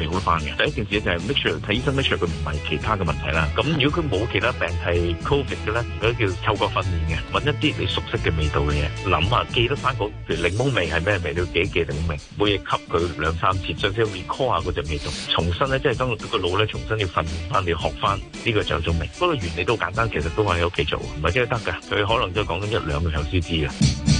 未好翻嘅，第一件事咧就係 make sure 睇醫生，make sure 佢唔係其他嘅問題啦。咁如果佢冇其他病，係 covid 嘅咧，嗰啲叫嗅覺訓練嘅，揾一啲你熟悉嘅味道嘅嘢，諗下，記得翻嗰譬如檸檬味係咩味，你要記記檸檬味，每日吸佢兩三次，最少 record 下嗰隻味道，重新咧即係將個腦咧重新要訓練翻，要學翻呢個就做味，不過原理都簡單，其實都喺屋企做，唔係真係得㗎，佢可能都係講緊一兩個小時知㗎。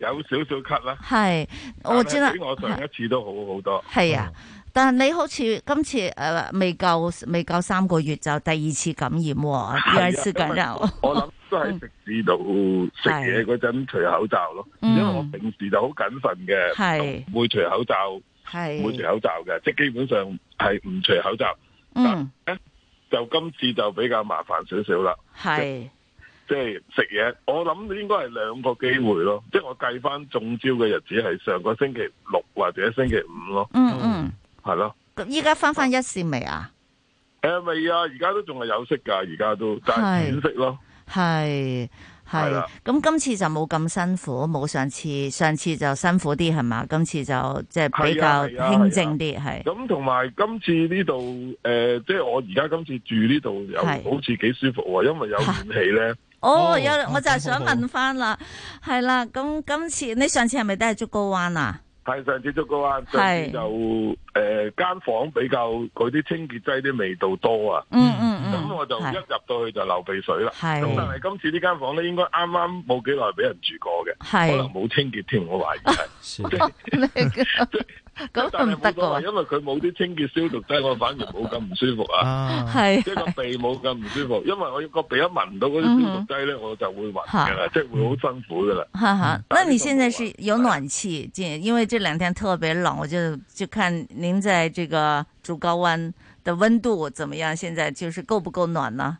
有少少咳啦，係我知啦，比我上一次都好好多。係啊，但係你好似今次誒未夠未夠三個月就第二次感染，第二次感染。我諗都係直至到食嘢嗰陣除口罩咯，因為我平時就好謹慎嘅，唔會除口罩，唔會除口罩嘅，即係基本上係唔除口罩。嗯，就今次就比較麻煩少少啦。係。即係食嘢，我諗應該係兩個機會咯。即係、嗯、我計翻中招嘅日子係上個星期六或者星期五咯。嗯嗯，係、嗯、咯。咁依家翻翻一線未啊？誒未啊，而家都仲係有色噶，而家都，但係淺色咯。係係。咁今啦次就冇咁辛苦，冇上次，上次就辛苦啲係嘛？今次就即係比較輕靜啲係。咁同埋今次呢度誒，即係我而家今次住呢度有是好似幾舒服、啊，因為有暖氣咧。 哦，哦有我就係想問翻怖啦，係啦，咁今次你上次係咪都係竹篙灣啊？係上次竹篙灣，上次,是上次就誒間、呃、房比較嗰啲清潔劑啲味道多啊，咁、嗯嗯嗯、我就一入到去就流鼻水啦。咁是但係今次呢間房咧，應該啱啱冇幾耐俾人住過嘅，是可能冇清潔添，我懷疑係。咁但係冇錯，因為佢冇啲清潔消毒劑，我反而冇咁唔舒服啊。係即係個鼻冇咁唔舒服，因為我個鼻一聞到嗰啲消毒劑咧，我就會暈噶啦，即係、嗯、會好辛苦噶啦。哈哈、嗯,那你現在是有暖氣？見是因為這兩天特別冷，我就就看您在這個竹篙灣的溫度怎麼樣？現在就是夠不夠暖呢？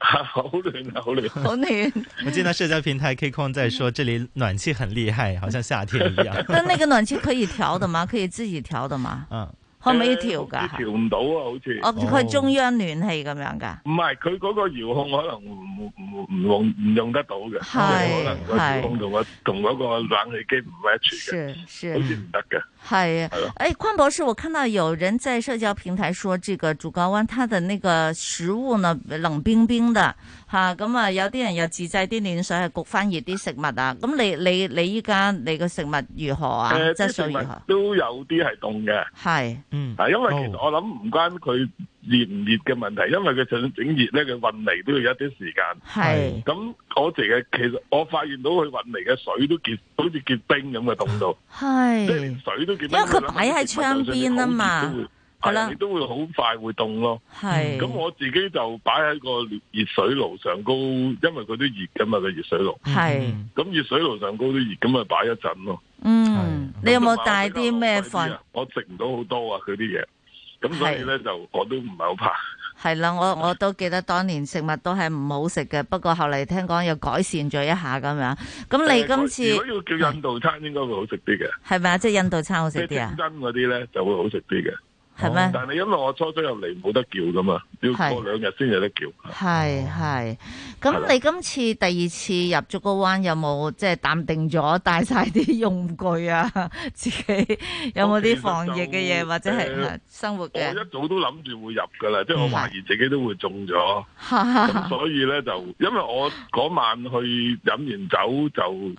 好暖啊！好暖，好暖！ 我見到社交平台 K 控在說， 這裏暖氣很厲害，好像夏天一樣。 但那個暖氣可以調的嗎？可以自己調的嗎？嗯，可唔可以調噶？調唔到啊，好似哦，佢中央暖氣咁樣噶。唔係，佢嗰個遙控可能唔唔用唔用得到嘅，可能 我、那個、遙控同我同個冷氣機唔係一串嘅，好似唔得。係，誒，鄺、哎、博士，我看到有人在社交平台說，這個竹篙灣，它的那個食物呢，冷冰冰的，哈，咁啊，嗯、有啲人又自製啲暖水去焗翻熱啲食物啊，咁、啊、你你你依家你個食物如何啊？呃、質素如何？都有啲係凍嘅，係是，嗯，但，因為其實我諗唔關佢。嗯哦熱唔熱嘅問題，因為佢想整熱咧，佢運嚟都要一啲時間。係咁是，我哋嘅其實我發現到佢運嚟嘅水都結，好似結冰咁嘅凍到。係是即係連水都結冰。因為佢擺喺窗邊啊嘛，係啦，亦都會好了快會凍咯。係咁是，我自己就擺喺個熱水爐上高，因為佢啲熱噶嘛，個熱水爐。係咁是，熱水爐上高啲熱，咁咪擺一陣咯。嗯，你有冇帶啲咩粉？我食唔到好多啊，佢啲嘢。咁所以咧，啊、就我都唔係好怕。係啦、啊，我我都記得當年食物都係唔好食嘅，不過後嚟聽講又改善咗一下咁樣。咁你今次、呃、如果要叫印度餐，應該會好食啲嘅。係咪啊？即係印度餐好食啲啊？清真嗰啲咧，就會好食啲嘅。係咩？但係你因為我初初入嚟冇得叫㗎嘛，要過兩日先有得叫。係係。咁你今次第二次入竹篙灣，有冇即係淡定咗，帶晒啲用具啊？自己有冇啲防疫嘅嘢，或者係生活嘅？我一早都諗住會入㗎喇，即係我懷疑自己都會中咗，咁所以咧就因為我嗰晚去飲完酒就，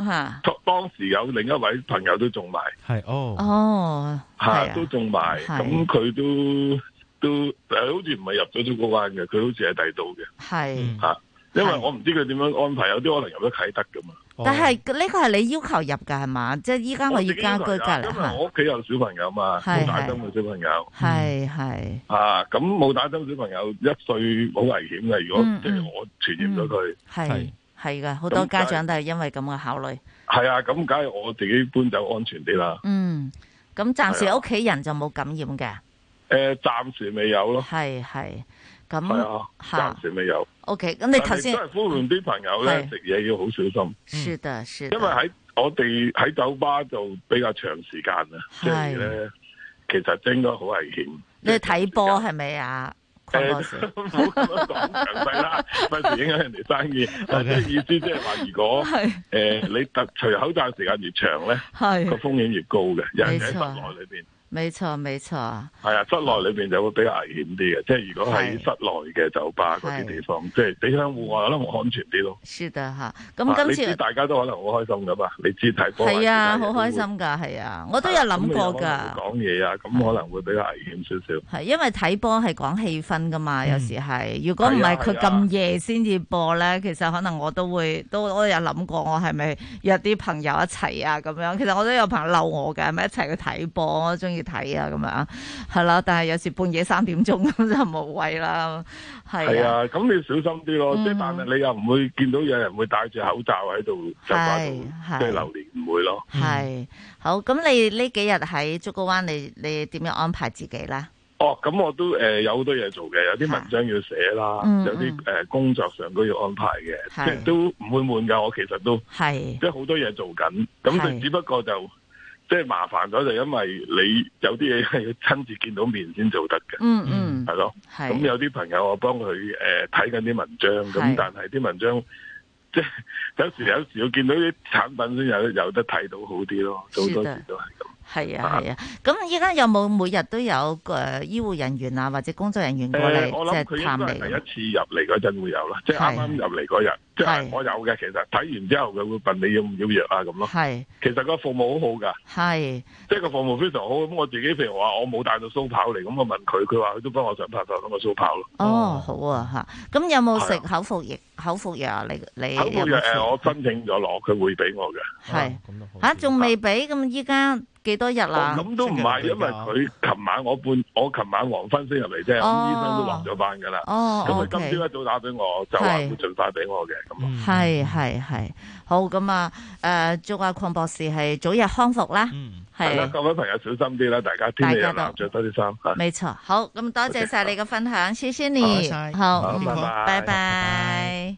當時有另一位朋友都中埋，係哦哦，係都中埋，咁佢。都都誒，但好似唔係入咗竹篙灣嘅，佢好似係第度嘅。係吓是、啊，因為我唔知佢點樣安排，有啲可能入咗啟德嘛。但係呢個係你要求入嘅係嘛？即係依家我要家居隔離。因為我屋企有小朋友嘛，冇是打針嘅小朋友。係係吓，咁冇、嗯是啊、打針小朋友一歲好危險嘅。如果即係我傳染咗佢，係係噶，好是多家長都係因為咁嘅考慮。係啊，咁梗係我自己搬走安全啲啦。嗯，咁暫時屋企人就冇感染嘅。誒，暫時未有咯。係係，咁暫時未有。OK，咁你頭先都係呼籲啲朋友咧食嘢要好小心。是的，是的。因為喺我哋喺酒吧就比較長時間咧，所以咧其實應該好危險。你睇波係咪啊？誒，唔好咁樣講強勢啦，費事影響人哋生意。意思即係話，如果誒你突除口罩時間越長咧，個風險越高嘅，人喺室內裏邊。沒錯，沒錯。係啊，室內裏邊就會比較危險啲嘅，即係如果喺室內嘅酒吧嗰啲地方，是的即係比喺戶外都安全啲咯。是的啊，咁今次大家都可能好開心㗎嘛？你知睇波，係啊，好開心㗎，係啊，我都有諗過㗎。講嘢啊，咁可，的可能會比較危險少少。係，因為睇波係講氣氛㗎嘛，有時係。嗯，如果唔係佢咁夜先至播咧，其實可能我都會都我有諗過，我係咪約啲朋友一齊啊咁樣？其實我都有朋友嬲我㗎，咪一齊去睇波，我中意。睇啊咁樣，係啦，但係有時半夜三點鐘咁就冇謂啦。係啊，咁你小心啲咯，即係但係你又唔會見到有人會戴住口罩喺度，即係流連唔會咯。係，好，咁你呢幾日喺竹篙灣，你你點樣安排自己咧？哦，咁我都誒有好多嘢做嘅，有啲文章要寫啦，有啲誒工作上都要安排嘅，即係都唔會悶噶。我其實都即係好多嘢做緊，咁就只不過就。即係麻煩咗，就因為你有啲嘢係要親自見到面先做得嘅、嗯，嗯咯是嗯，係咯，咁有啲朋友我幫佢誒睇緊啲文章，咁是但係啲文章即係有時有時要見到啲產品先有有得睇到好啲咯，好多時都係咁，係啊係啊。咁依家有冇每日都有個醫護人員啊或者工作人員過嚟？呃、我諗佢應該係第一次入嚟嗰陣會有啦，即係啱啱入嚟嗰日。我有嘅，其實睇完之後佢會問你要唔要藥啊咁咯。係其實個服務好好噶。係即係個服務非常好。咁我自己譬如話我冇帶到蘇跑嚟，咁我問佢，佢話佢都幫我上拍頭咁個蘇跑咯。哦，好啊吓。咁有冇食口服藥？口服藥啊？你你有冇？口服藥我申請咗攞，佢會俾我嘅。係吓，仲未俾？咁依家幾多日啦？咁都唔係，因為佢琴晚我半，我琴晚黃昏先入嚟啫，咁醫生都落咗班噶啦。哦，咁佢今朝一早打俾我就話會盡快俾我嘅。系系系，好咁啊！誒、呃，祝阿鄺博士係早日康復啦！嗯，係啦是，是各位朋友小心啲啦，大家天氣啊，着多啲衫。冇錯，好，咁多謝晒你嘅分享，謝謝你。好，拜拜。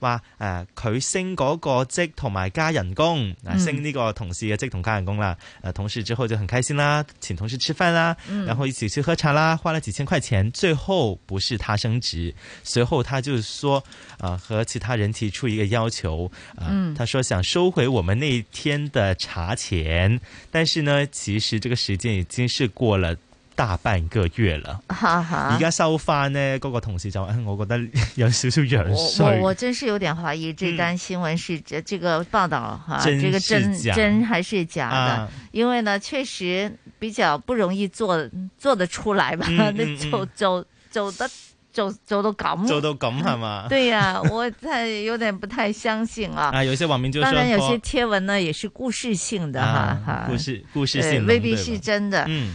話誒，佢升嗰個職同埋加人工，升呢、嗯、個同事嘅職同加人工啦。誒、啊，同事之後就很開心啦，請同事吃飯啦，嗯、然後一起去喝茶啦，花了幾千塊錢，最後不是他升職，隨後他就說，啊，和其他人提出一個要求，啊，他說想收回我們那一天的茶錢，但是呢，其實這個時間已經是過了。大半個月啦，而家收翻呢嗰個同事就，我覺得有少少樣衰。我我真是有點懷疑這單新聞是這這個報道哈，這個真真還是假的？因為呢，確實比較不容易做做得出來吧？做做做得做做到咁，做到咁係嘛？對呀，我太有點不太相信啊。啊，有些網民就說當然有些貼文呢，也是故事性的哈，哈，故事故事性未必是真的。嗯。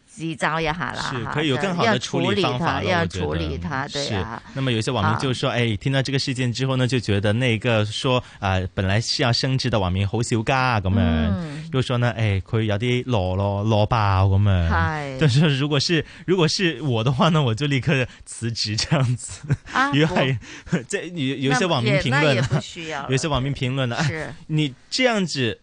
急躁一下啦，是，可以有更好的處理方法處理佢嘅。是。那麼有些網民就說：“哎，聽到這個事件之後呢，就覺得那個說啊，本來是要升職的網民好小家啊，咁樣。又說呢，哎，可以有啲老咯，老爆咁樣。係，但是如果是如果是我的話呢，我就立刻辭職這樣子啊。因為，這有有些網民評論了，有些網民評論呢，你這樣子。”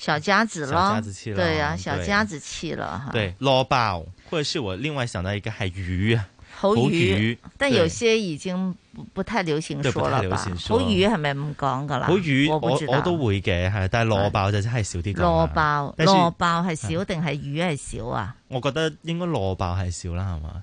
小家子咯，家子氣對啊，小家子氣啦。對，蘿蔔或者是我另外想到一個係魚，好魚，對但有些已經不太流行說啦。說好魚係咪唔講噶啦？好魚我，我，我都會嘅，係但係蘿蔔就真係少啲。蘿蔔蘿是蔔係少定係魚係少啊？我覺得應該蘿蔔係少啦，係嘛？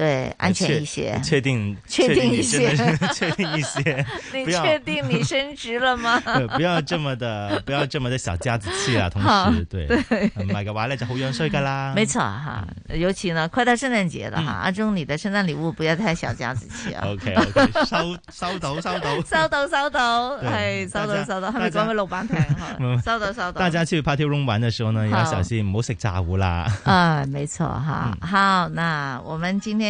對，安全一些，確定，確定一些，確定一些。你確定你升職了嗎？不要這麼的，不要這麼的小家子氣啊，同時，對，唔係嘅話呢就好樣衰噶啦。沒錯哈，尤其呢，快到聖誕節了哈，阿忠，你的聖誕禮物不要太小家子氣啊。OK OK，收收到，收到，收到，收到，係收到，收到，係咪，講俾老闆聽，收到，收到。大家去 Party Room 玩的時候呢，要小心唔好食炸糊啦。嗯，沒錯哈。好，那我們今天，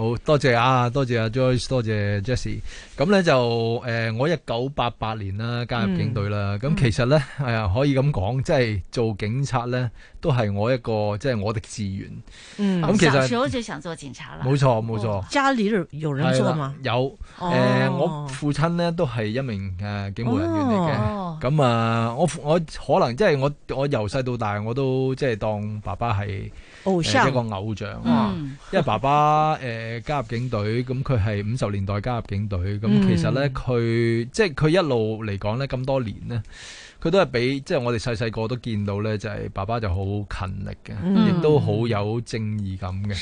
好多謝啊，多謝阿、啊、Joyce，多謝 Jessie。咁咧就誒、呃，我一九八八年啦加入警隊啦。咁、嗯、其實咧，係啊、嗯呃，可以咁講，即係做警察咧，都係我一個即係我的志願。嗯，咁其實小時候就想做警察啦。冇錯，冇錯。家裏有人做嘛？有誒，呃哦、我父親咧都係一名誒警務人員嚟嘅。咁、哦、啊，我我可能即係我我由細到大我都即係當爸爸係。呃、一個偶像啊！嗯、因為爸爸誒、呃、加入警隊，咁佢係五十年代加入警隊，咁、嗯、其實呢，佢即係佢一路嚟講呢，咁多年呢。佢都係俾即係我哋細細個都見到咧，就係、是、爸爸就好勤力嘅，亦、嗯、都好有正義感嘅，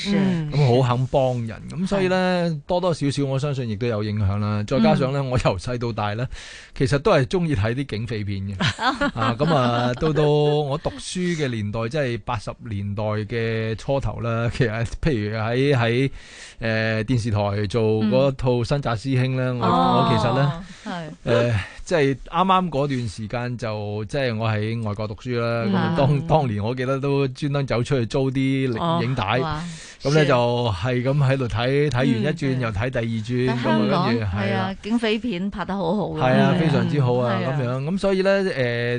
咁好、嗯、肯幫人咁，所以咧是多多少少我相信亦都有影響啦。再加上咧，嗯、我由細到大咧，其實都係中意睇啲警匪片嘅 啊。咁啊，到到我讀書嘅年代，即係八十年代嘅初頭啦。其實譬如喺喺誒電視台做嗰套《新紮師兄》咧、嗯，我、哦、我其實咧誒。是呃即係啱啱嗰段時間就即係我喺外國讀書啦。咁當當年我記得都專登走出去租啲影帶，咁咧就係咁喺度睇，睇完一轉又睇第二轉咁啊。跟住係啊，警匪片拍得好好係啊，非常之好啊咁樣。咁所以咧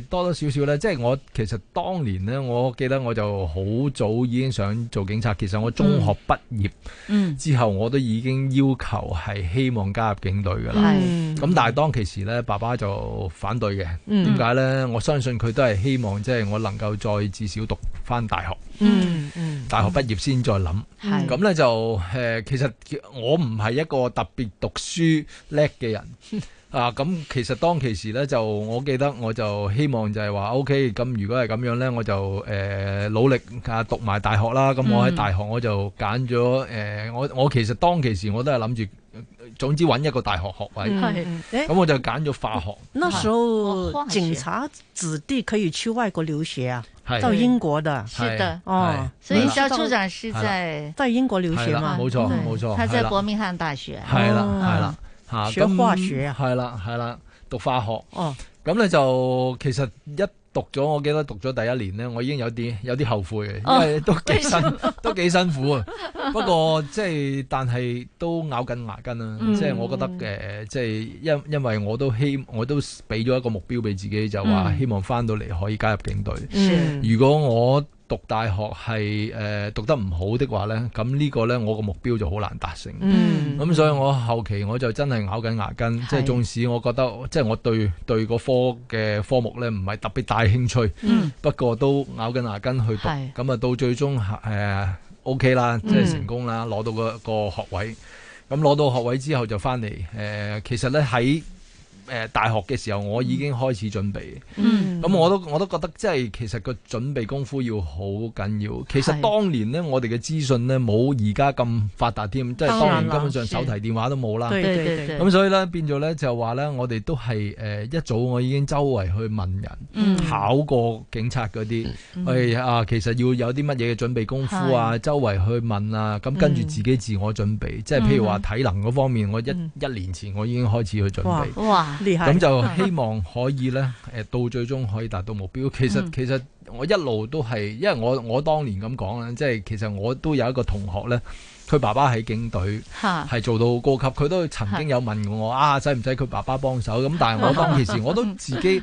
誒多多少少咧，即係我其實當年咧，我記得我就好早已經想做警察。其實我中學畢業之後我都已經要求係希望加入警隊㗎啦。咁但係當其時咧，爸爸。就反對嘅，點解呢？嗯、我相信佢都係希望，即、就、係、是、我能夠再至少讀翻大學。嗯嗯，嗯大學畢業先再諗。咁呢、嗯，就誒、呃，其實我唔係一個特別讀書叻嘅人、嗯、啊。咁其實當其時呢，就我記得，我就希望就係話，OK，咁如果係咁樣呢，我就誒、呃、努力啊讀埋大學啦。咁我喺大學我就揀咗誒，我我其實當其時我都係諗住。總之揾一個大學學位，咁我就揀咗化學。那時候警察子弟可以去外國留學啊，到英國的，是的，哦，所以蕭處長是在到英國留學嘛，冇錯冇錯，他在伯明翰大學，係啦係啦，學化學，係啦係啦，讀化學，哦，咁咧就其實一。讀咗，我記得讀咗第一年呢，我已經有啲有啲後悔嘅，因為都幾辛、哦、都幾辛苦啊。 不過即係，但係都咬緊牙根啊！嗯、即係我覺得，嘅，即係因因為我都希，我都俾咗一個目標俾自己，就話希望翻到嚟可以加入警隊。嗯、如果我讀大學係，誒、呃，讀得唔好的話呢，咁呢個呢，我個目標就好難達成。嗯，咁所以我後期我就真係咬緊牙根，是即係縱使我覺得即係我對對個科嘅科目呢唔係特別大興趣。嗯，不過都咬緊牙根去讀。咁啊是到最終誒，O K 啦，即係成功啦，攞到個個學位。嗯、咁攞到學位之後就翻嚟誒，其實呢喺。誒，大學嘅時候我已經開始準備，咁我都我都覺得即係其實個準備功夫要好緊要。其實當年呢，我哋嘅資訊呢冇而家咁發達添，即係當年根本上手提電話都冇啦。對對對，咁所以咧變咗咧就話咧，我哋都係誒一早我已經周圍去問人，考過警察嗰啲，啊，其實要有啲乜嘢嘅準備功夫啊，周圍去問啊，咁跟住自己自我準備，即係譬如話體能嗰方面，我一一年前我已經開始去準備。咁就希望可以呢， 到最終可以達到目標。其實其實我一路都係，因為我我當年咁講即係其實我都有一個同學呢，佢爸爸喺警隊，係做到高級，佢都曾經有問我 啊，使唔使佢爸爸幫手？咁但係我當其時我都自己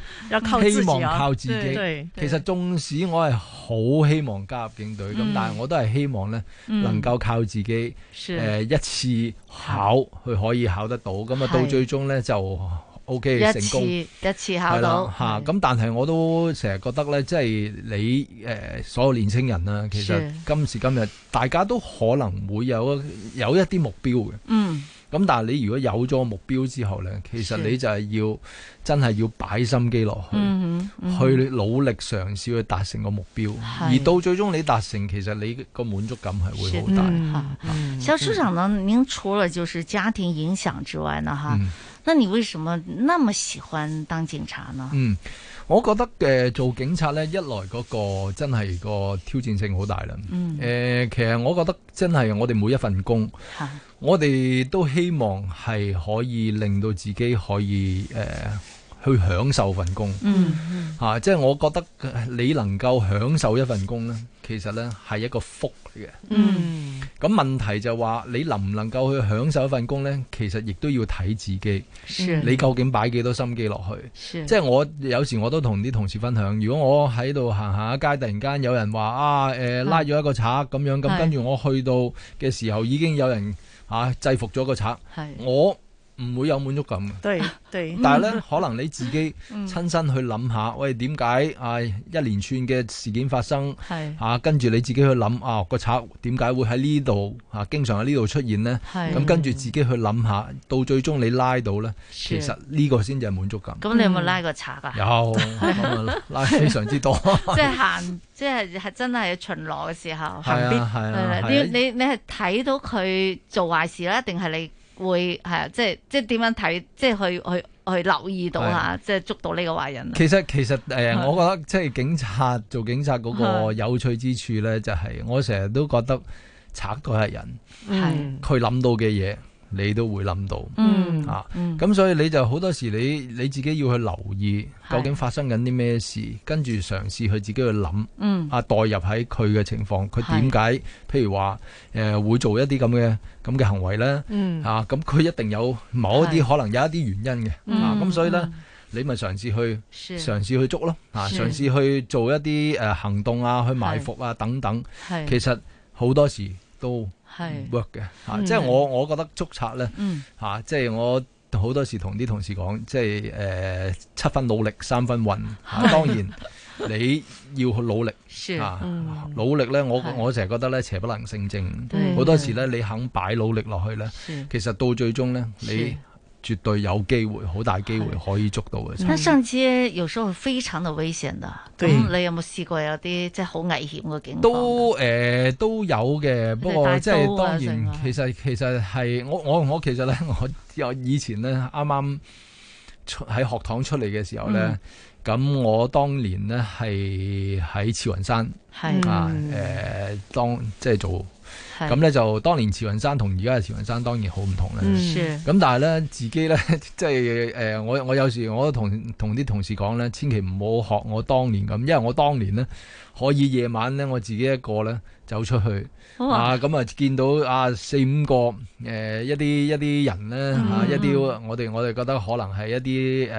希望靠自己。 其實縱使我係好希望加入警隊，咁、嗯、但係我都係希望呢，嗯、能夠靠自己是、呃、一次考佢是可以考得到，咁啊到最終呢，就。O K，成功一次考咯。吓，咁但係我都成日覺得咧，即係你誒，所有年青人啦，其實今時今日大家都可能會有有一啲目標嘅，嗯，咁但係你如果有咗目標之後咧，其實你就係要真係要擺心機落去，去努力嘗試去達成個目標，而到最終你達成，其實你個滿足感係會好大。哈，蕭處長呢，您除咗就是家庭影響之外呢，哈。那你為什麼那麼喜歡當警察呢？嗯，我覺得、呃、做警察呢，一來嗰個真係個挑戰性好大啦。嗯，誒、呃，其實我覺得真係我哋每一份工，啊、我哋都希望係可以令到自己可以誒。呃去享受份工，啊，即係我覺得你能夠享受一份工呢，其實呢係一個福嚟嘅。嗯，咁問題就話你能唔能夠去享受一份工、嗯啊、一份工呢？其實亦、嗯啊、都要睇自己，是你究竟擺幾多心機落去。是即係我有時我都同啲同事分享，如果我喺度行行下街，突然間有人話啊，誒、呃，拉咗一個賊咁是樣，咁跟住我去到嘅時候，已經有人啊制服咗個賊，是我。唔會有滿足感。對，但係咧可能你自己親身去諗下，喂，點解啊一連串嘅事件發生，跟住你自己去諗啊個賊點解會喺呢度嚇經常喺呢度出現呢？咁跟住自己去諗下，到最終你拉到咧，其實呢個先至係滿足感。咁你有冇拉過賊啊？有，拉非常之多。即係行，即係真係巡邏嘅時候，邊你你你係睇到佢做壞事啦，定係你？會係啊，即係即係點樣睇，即係去去去，去留意到吓，是的即係捉到呢個壞人。其實其實誒，我覺得即係警察做警察嗰個有趣之處咧，是的就係我成日都覺得賊都係人，佢諗到嘅嘢。你都會諗到，啊，咁所以你就好多時你你自己要去留意，究竟發生緊啲咩事，跟住嘗試去自己去諗，啊，代入喺佢嘅情況，佢點解譬如話誒會做一啲咁嘅咁嘅行為呢？啊，咁佢一定有某一啲可能有一啲原因嘅，咁所以呢，你咪嘗試去嘗試去捉咯，啊，嘗試去做一啲誒行動啊，去埋伏啊等等，其實好多時都 work 嘅嚇，啊嗯、即係我我覺得捉賊咧嚇，即係我好多時同啲同事講，即係誒、呃、七分努力三分運、啊，當然你要去努力嚇，努力咧我是我成日覺得咧邪不能勝正，好對多時咧對你肯擺努力落去咧，是其實到最終咧是你。絕對有機會，好大機會可以捉到嘅。的上街有時候非常嘅危險㗎。咁對你有冇試過有啲即係好危險嘅景、呃？都誒都有嘅，啊、不過即係當然，其實其實係我我我其實咧，我又以前咧啱啱出喺學堂出嚟嘅時候咧，咁、嗯、我當年呢係喺慈雲山，係的啊誒、呃、當即係做。咁咧是就，當年慈雲山同而家嘅慈雲山當然好唔同啦。咁、嗯、但係咧，自己咧，即係誒，我我有時我都同，同同啲同事講咧，千祈唔好學我當年咁，因為我當年咧，可以夜晚咧，我自己一個咧走出去，哦、啊，咁啊見到啊四五個誒、呃、一啲一啲人咧嚇、嗯、一啲，我哋我哋覺得可能係一啲誒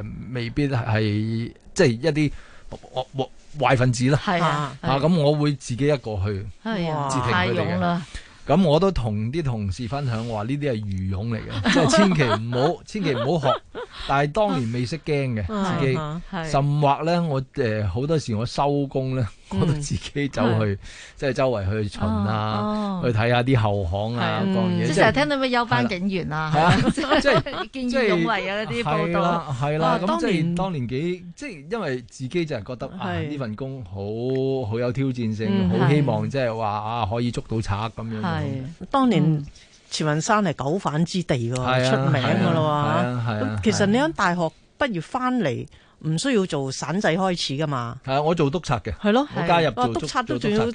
誒，未必係即係一啲惡惡。我我壞分子啦，啊咁、啊啊、我會自己一個去截、啊、停佢哋嘅。咁我都同啲同事分享，話呢啲係愚勇嚟嘅，即係 千祈唔好，千祈唔好學。但係當年未識驚嘅，啊、自己、啊、甚或咧，我誒好、呃、多時我收工咧。覺得自己走去即係周圍去巡啊，去睇下啲後巷啊，講嘢即係成日聽到咩休班警員啊，係啊，即係見義勇為啊嗰啲報道。係啦，係啦。當年當年幾即係因為自己就係覺得啊呢份工好好有挑戰性，好希望即係話啊可以捉到賊咁樣。係當年慈雲山係九反之地噶，出名噶咯喎。其實你響大學畢業翻嚟。唔需要做散仔開始噶嘛？係啊，我做督察嘅，我加入做、哦、督察都仲要。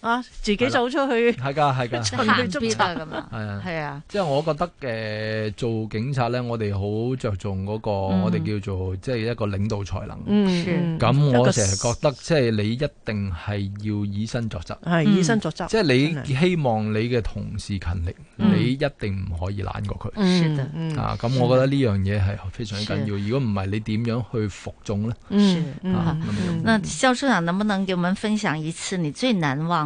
啊！自己走出去係噶係噶行邊咁？啊係啊係啊，即係我覺得誒做警察咧，我哋好着重嗰個我哋叫做即係一個領導才能。咁我成日覺得即係你一定係要以身作則。以身作則。即係你希望你嘅同事勤力，你一定唔可以懶過佢。啊，咁我覺得呢樣嘢係非常之緊要。如果唔係，你點樣去服眾咧？嗯嗯。啊，蕭處長能不能叫我們分享一次你最難忘？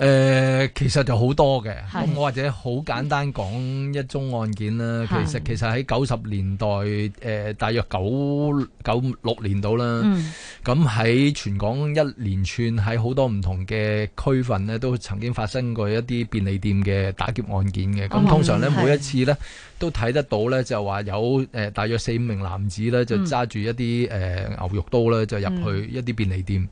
誒、呃、其實就好多嘅，咁我是或者好簡單講一宗案件啦。是其實其實喺九十年代，誒、呃、大約九九六年到啦。咁喺、嗯、全港一連串喺好多唔同嘅區份咧，都曾經發生過一啲便利店嘅打劫案件嘅。咁、嗯、通常咧，是每一次咧都睇得到咧，就話有誒、呃、大約四五名男子咧，就揸住一啲誒、嗯呃、牛肉刀咧，就入去一啲便利店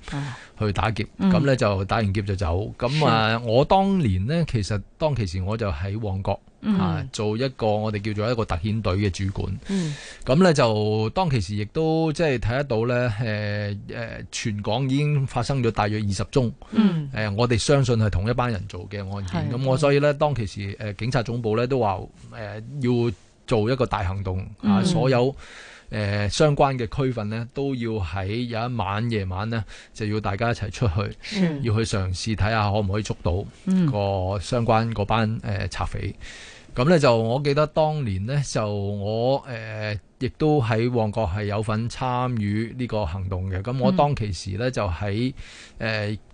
去打劫。咁咧、嗯、就打完劫就走。咁、嗯、啊～啊！我當年呢，其實當其時我就喺旺角、嗯、啊，做一個我哋叫做一個特遣隊嘅主管。咁、嗯、呢，就當其時亦都即係睇得到呢，誒、呃、誒，全港已經發生咗大約二十宗。誒、嗯呃，我哋相信係同一班人做嘅案件。咁的我所以呢，當其時誒，警察總部呢都話誒，要做一個大行動、嗯、啊，所有。誒、呃、相關嘅區份呢，都要喺有一晚夜晚呢，就要大家一齊出去，嗯、要去嘗試睇下可唔可以捉到個相關嗰班賊、呃、匪。咁呢，就我記得當年呢，就我、呃、亦都喺旺角係有份參與呢個行動嘅。咁我當其時呢，就喺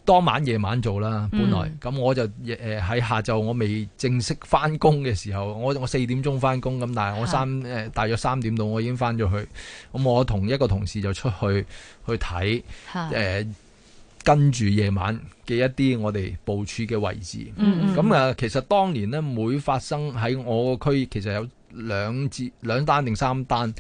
當晚夜晚做啦，本來咁、嗯、我就喺下晝我未正式翻工嘅時候，我我四點鐘翻工咁，但係我三誒大約三點到我已經翻咗去，咁是的 我同一個同事就出去去睇是的、呃、跟住夜晚嘅一啲我哋部署嘅位置，咁啊、嗯嗯、其實當年呢，每發生喺我個區其實有。兩次兩單定三單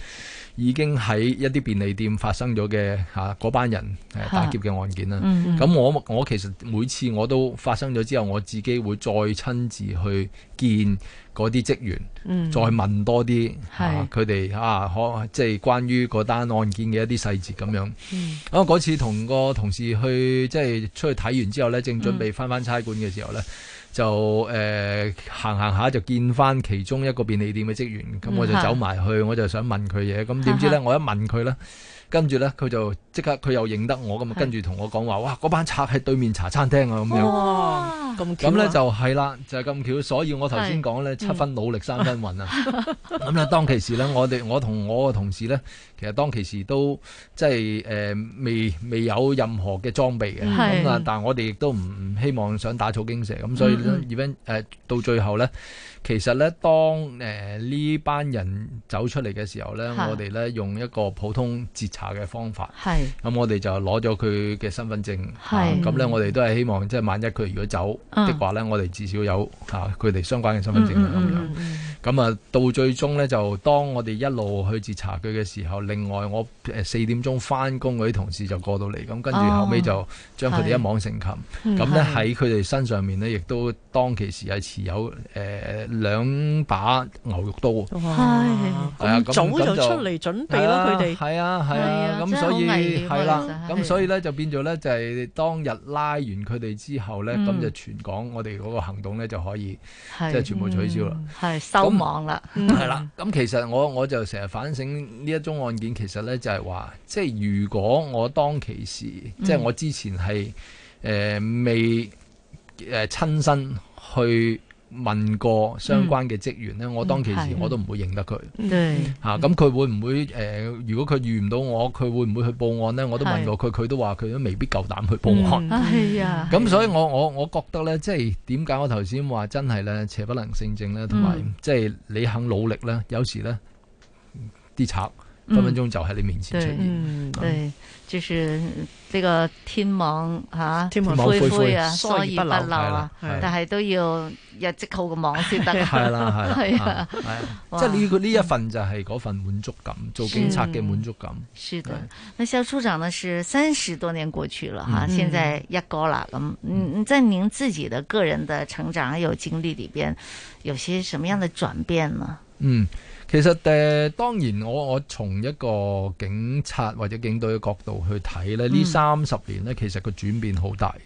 已經喺一啲便利店發生咗嘅嚇嗰班人誒、啊、打劫嘅案件啦。咁、啊嗯嗯、我我其實每次我都發生咗之後，我自己會再親自去見嗰啲職員，嗯、再問多啲佢哋嚇可即係關於嗰單案件嘅一啲細節咁樣。咁嗰、啊嗯、次同個同事去即係出去睇完之後呢，正準備返返差館嘅時候呢。嗯就誒、呃、行行下就見翻其中一個便利店嘅職員，咁、嗯、我就走埋去，我就想問佢嘢，咁點知呢？嗯、我一問佢呢。跟住呢，佢就即刻佢又認得我咁啊，是跟住同我講話，哇嗰班賊喺對面茶餐廳啊咁、哦、樣。哇、啊，咁巧咁就係啦，就係、是、咁巧，所以我頭先講呢，是七分努力、嗯、三分運啊。咁呢 當其時呢，我哋我同我嘅同事呢，其實當其時都即係、呃、未未有任何嘅裝備嘅。咁啊是，但係我哋亦都唔希望想打草驚蛇，咁所以呢、嗯而家，呃，到最後呢。其實咧，當、呃、呢班人走出嚟嘅時候咧，是我哋咧用一個普通截查嘅方法，咁是、嗯、我哋就攞咗佢嘅身份證，咁咧是、啊、我哋都係希望，即係萬一佢如果走的話咧，啊、我哋至少有佢哋、啊、相關嘅身份證咁樣咁啊，到最終咧就當我哋一路去截查佢嘅時候，另外我四點鐘翻工嗰啲同事就過到嚟，咁跟住後尾就將佢哋一網成擒。咁咧喺佢哋身上面咧，亦都當其時係持有誒。呃兩把牛肉刀，係咁早就出嚟準備啦。佢哋係啊係啊，咁所以係啦，咁所以咧就變咗咧，就係當日拉完佢哋之後咧，咁就全港我哋嗰個行動咧就可以即係全部取消啦，收網啦。係啦，咁其實我我就成日反省呢一宗案件，其實咧就係話，即係如果我當其時，即係我之前係誒未誒親身去。問過相關嘅職員呢，嗯、我當其時我都唔會認得佢。嚇對，咁佢、啊、會唔會誒、呃？如果佢遇唔到我，佢會唔會去報案呢？我都問過佢，佢的都話佢都未必夠膽去報案。係啊、嗯，咁、哎、 所以我我我覺得呢，即係點解我頭先話真係呢？邪不能勝正呢？同埋、嗯、即係你肯努力呢？有時呢啲賊。分分鐘就喺你面前出現。對，嗯，對，就是呢個天網吓，天網恢恢，疏而不漏啊。但係都要有織好個網先得。係啦，係係啊，係啊，即係呢個呢一份就係嗰份滿足感，做警察嘅滿足感。是的，那蕭處長呢，是三十多年過去了哈，現在一哥啦。嗯嗯，在您自己的個人的成長還有經歷裏邊，有些什麼樣的轉變呢？嗯。其實誒、呃，當然我我從一個警察或者警隊嘅角度去睇咧，呢三十年呢，其實個轉變好大。誒、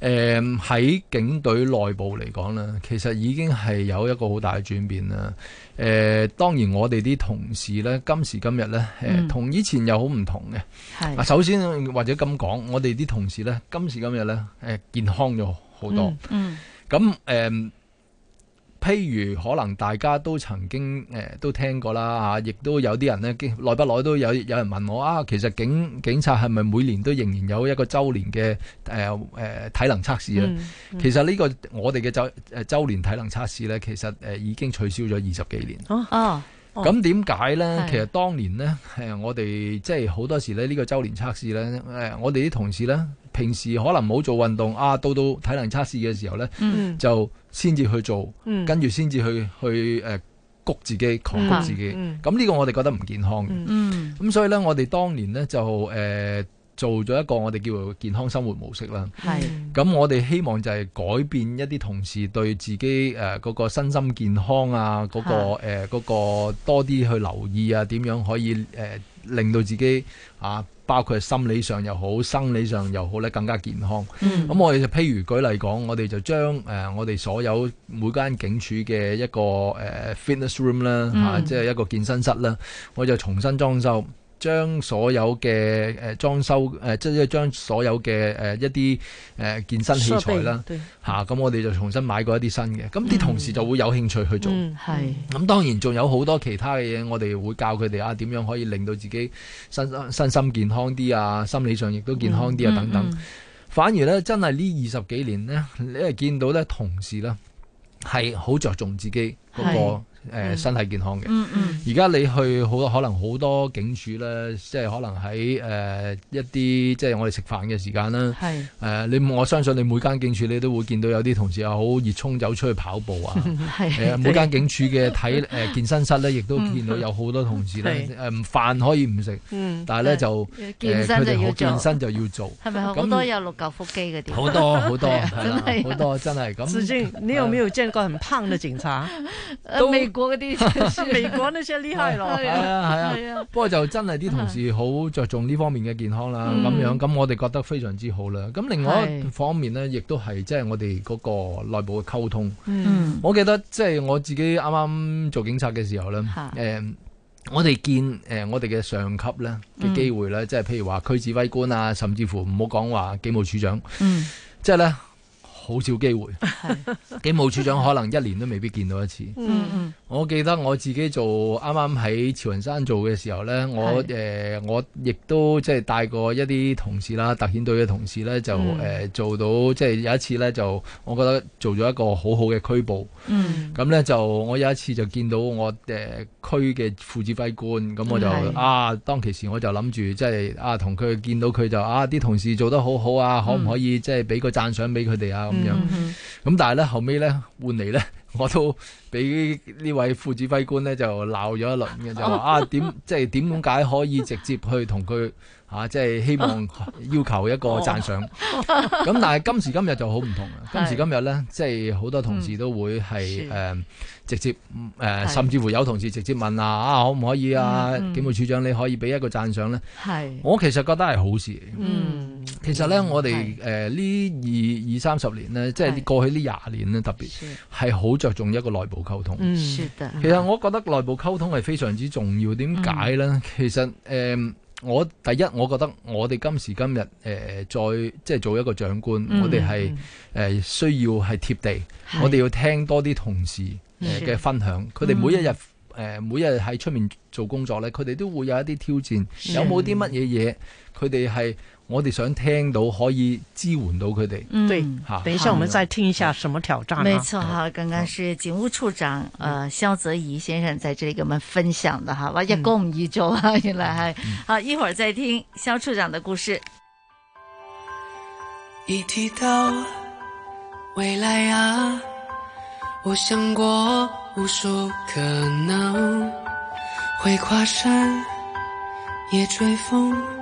嗯，喺、呃、警隊內部嚟講呢其實已經係有一個好大嘅轉變啦。誒、呃，當然我哋啲同事呢今時今日呢誒，同、呃嗯、以前又好唔同嘅。係是，首先或者咁講，我哋啲同事呢今時今日呢誒、呃，健康咗好多，嗯。嗯，咁誒、嗯。呃譬如可能大家都曾經、呃、都聽過啦嚇，亦都有啲人咧，耐不耐都有有人問我啊，其實警警察係咪每年都仍然有一個週年嘅誒誒體能測試啊？嗯嗯、其實呢、呢個我哋嘅週誒週年體能測試呢，其實誒已經取消咗二十幾年。哦哦。咁點解咧？呢哦、其實當年咧、呃，我哋即係好多時咧，呢、呢個周年測試咧、呃，我哋啲同事咧，平時可能冇做運動啊，到到體能測試嘅時候咧，嗯、就先至去做，嗯、跟住先至去去誒谷自己，狂谷自己。咁呢個我哋覺得唔健康嘅。咁、嗯、所以咧，我哋當年咧就誒。呃做咗一個我哋叫做健康生活模式啦，咁係我哋希望就係改變一啲同事對自己誒嗰、呃嗰個身心健康啊，嗰、嗰個呃嗰個多啲去留意啊，點樣可以、呃、令到自己啊，包括心理上又好、生理上又好咧更加健康。咁、嗯、我哋就譬如舉例講，我哋就將、呃、我哋所有每間警署嘅一個、呃、fitness room 啦，啊嗯、即係一個健身室啦，我就重新裝修。將所有嘅誒裝修誒、呃，即係將所有嘅誒、呃、一啲誒、呃、健身器材啦嚇，咁、啊、我哋就重新買過一啲新嘅。咁啲同事就會有興趣去做。係、嗯。咁、嗯嗯、當然仲有好多其他嘅嘢，我哋會教佢哋啊，點樣可以令到自己身身心健康啲啊，心理上亦都健康啲啊、嗯、等等。嗯嗯、反而呢，真係呢二十幾年呢，你係見到呢同事啦，係好着重自己嗰、嗰個誒身體健康嘅，而家你去好多可能好多警署咧，即係可能喺誒一啲即係我哋食飯嘅時間啦。係誒，你我相信你每間警署你都會見到有啲同事又好熱衷走出去跑步啊。每間警署嘅體誒健身室咧，亦都見到有好多同事咧誒，唔飯可以唔食，但係咧就誒佢哋好健身就要做。係咪好多有六嚿腹肌嗰啲？好多好多好多真係。至今，你有沒有見過很胖嘅警察？都。啲未過，你真係厲害咯！係啊，係啊，不過就真係啲同事好着重呢方面嘅健康啦，咁樣咁我哋覺得非常之好啦。咁另外一方面呢，亦都係即係我哋嗰個內部嘅溝通。嗯，我記得即係我自己啱啱做警察嘅時候呢，誒，我哋見誒我哋嘅上級呢嘅機會呢，即係譬如話區指揮官啊，甚至乎唔好講話警務處長，即係呢，好少機會，警務處長可能一年都未必見到一次，嗯嗯。我記得我自己做啱啱喺潮雲山做嘅時候呢，我誒是、呃、我亦都即係帶過一啲同事啦，特遣隊嘅同事呢，就誒、嗯呃、做到即係有一次呢，就，我覺得做咗一個好好嘅拘捕。咁呢、嗯、就我有一次就見到我誒、呃、區嘅副指揮官，咁我就是啊，當其時我就諗住即係啊同佢見到佢就啊，啲同事做得好好啊，嗯、可唔可以即係俾個讚賞俾佢哋啊咁樣？咁、嗯嗯、但係呢，後尾呢，換嚟呢。我都俾呢位副指揮官咧就鬧咗一輪嘅，就話啊點即係點解可以直接去同佢？啊，即係希望要求一個讚賞，咁但係今時今日就好唔同啦。今時今日呢，即係好多同事都會係誒直接誒，甚至乎有同事直接問啊啊，可唔可以啊？警務處長，你可以俾一個讚賞呢？係我其實覺得係好事。嗯，其實呢，我哋誒呢二二三十年呢，即係過去呢廿年呢，特別係好着重一個內部溝通。嗯，是的。其實我覺得內部溝通係非常之重要。點解呢？其實誒。我第一，我覺得我哋今時今日、呃、再即係做一個長官，嗯、我哋係、呃、需要係貼地，是我哋要聽多啲同事、呃、是嘅分享。佢哋每一日、呃、每一日喺出面做工作咧，佢哋都會有一啲挑戰。是有冇啲乜嘢嘢，佢哋係？我哋想聽到可以支援到佢哋對、嗯，啊、等一下我們再聽一下什麼挑戰、啊嗯。沒錯，哈，剛剛是警務處長、嗯、呃蕭澤頤先生在這裏給我們分享的哈，哇、嗯，也唔易做啊，原來，嗯、好，一會兒再聽肖處長的故事。嗯嗯、一提到未來啊，我想過無數可能，會跨山也吹風。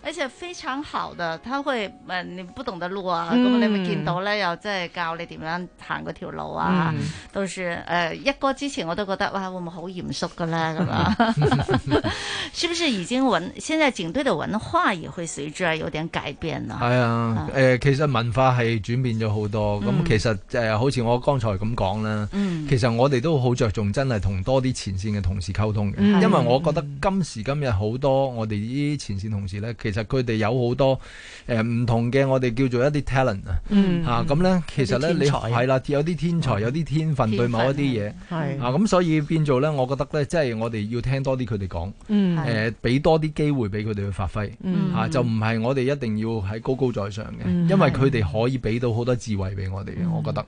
而且非常好的，他會問，你不懂得路啊，咁、嗯、你會見到咧，又即係教你點樣行嗰條路啊，到時、嗯，誒、呃，一哥之前我都覺得，哇，會唔會好嚴肅噶咧咁啊？ 是不是已經文現在警隊的文化也會隨之啊，有點改變呢啊？係啊，誒，其實文化係轉變咗好多，咁、嗯、其實，誒、呃，好似我剛才咁講咧，嗯、其實我哋都好着重真係同多啲前線嘅同事溝通嘅，嗯、因為我覺得今時今日好多我哋呢啲前線同事咧，其實佢哋有好多誒唔同嘅，我哋叫做一啲 talent 啊，吓咁咧，其實咧你係啦，有啲天才，有啲天分，對某一啲嘢，係啊，咁所以變做咧，我覺得咧，即係我哋要聽多啲佢哋講，誒，俾多啲機會俾佢哋去發揮，吓就唔係我哋一定要喺高高在上嘅，因為佢哋可以俾到好多智慧俾我哋嘅，我覺得，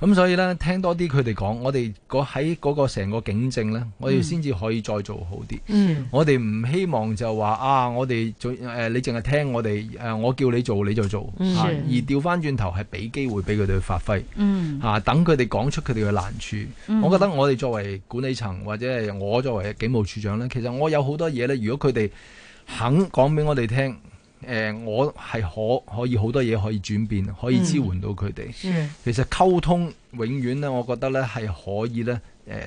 咁所以咧，聽多啲佢哋講，我哋喺嗰個成個警政咧，我哋先至可以再做好啲，我哋唔希望就話啊，我哋做誒。你淨係聽我哋誒，我叫你做你就做，是啊、而調翻轉頭係俾機會俾佢哋去發揮，吓、嗯啊、等佢哋講出佢哋嘅難處。嗯、我覺得我哋作為管理層或者係我作為警務處長呢，其實我有好多嘢呢。如果佢哋肯講俾我哋聽，誒、呃，我係可可以好多嘢可以轉變，可以支援到佢哋。嗯、其實溝通永遠呢，我覺得呢係可以呢，誒、呃，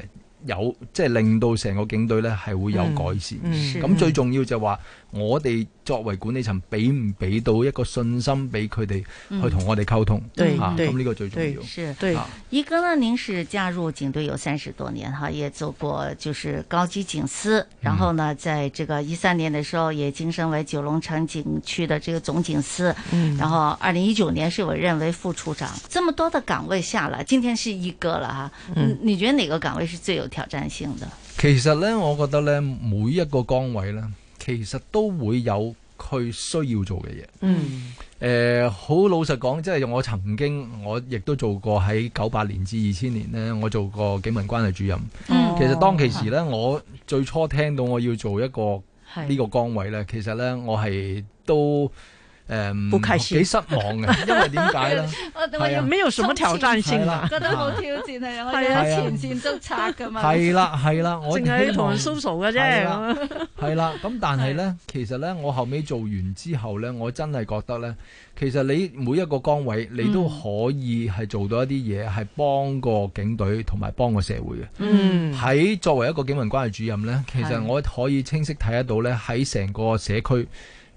有即係、就是、令到成個警隊呢係會有改善。咁、嗯、最重要就話。我哋作為管理層，俾唔俾到一個信心俾佢哋去同我哋溝通，吓、咁呢個最重要。是，對。啊、一哥呢，您是加入警隊有三十多年，哈，也做過就是高級警司，嗯、然後呢，在這個一三年的時候，也晉升為九龍城警區的這個總警司，嗯，然後二零一九年是我認為副處長，這麼多的崗位下來，今天是一哥了，哈，嗯，你覺得哪個崗位是最有挑戰性的？其實呢，我覺得呢，每一個崗位呢。其實都會有佢需要做嘅嘢。嗯。誒、呃，好老實講，即係我曾經，我亦都做過喺九八年至二千年呢，我做過警民關係主任。嗯、其實當其時呢，哦、我最初聽到我要做一個呢是個崗位呢，其實呢，我係都。誒，唔，幾失望嘅，因為點解咧？我我又沒有什麼挑戰性，覺得冇挑戰性，我哋前線捉賊噶嘛。係啦係啦，我淨係同人 social 嘅啫。係啦，咁但係咧，其實咧，我後尾做完之後咧，我真係覺得咧，其實你每一個崗位，你都可以係做到一啲嘢，係幫個警隊同埋幫個社會嘅。嗯，喺作為一個警民關係主任咧，其實我可以清晰睇得到咧，喺成個社區。